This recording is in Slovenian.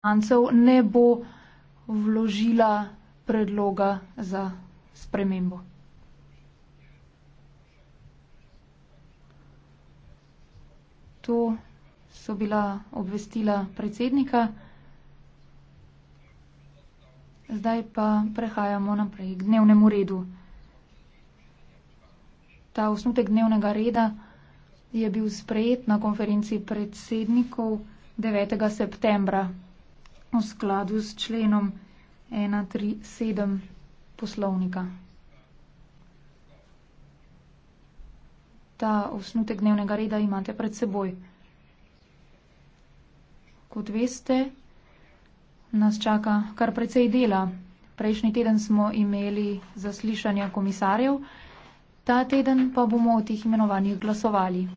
poslancev ne bo vložila predloga za spremembo. To so bila obvestila predsednika. Zdaj pa prehajamo naprej k dnevnemu redu. Ta osnutek dnevnega reda je bil sprejet na konferenci predsednikov 9. septembra v skladu s členom 137 poslovnika. Ta osnutek dnevnega reda imate pred seboj. Kot veste, nas čaka kar precej dela. Prejšnji teden smo imeli zaslišanja komisarjev, ta teden pa bomo o tih imenovanjih glasovali.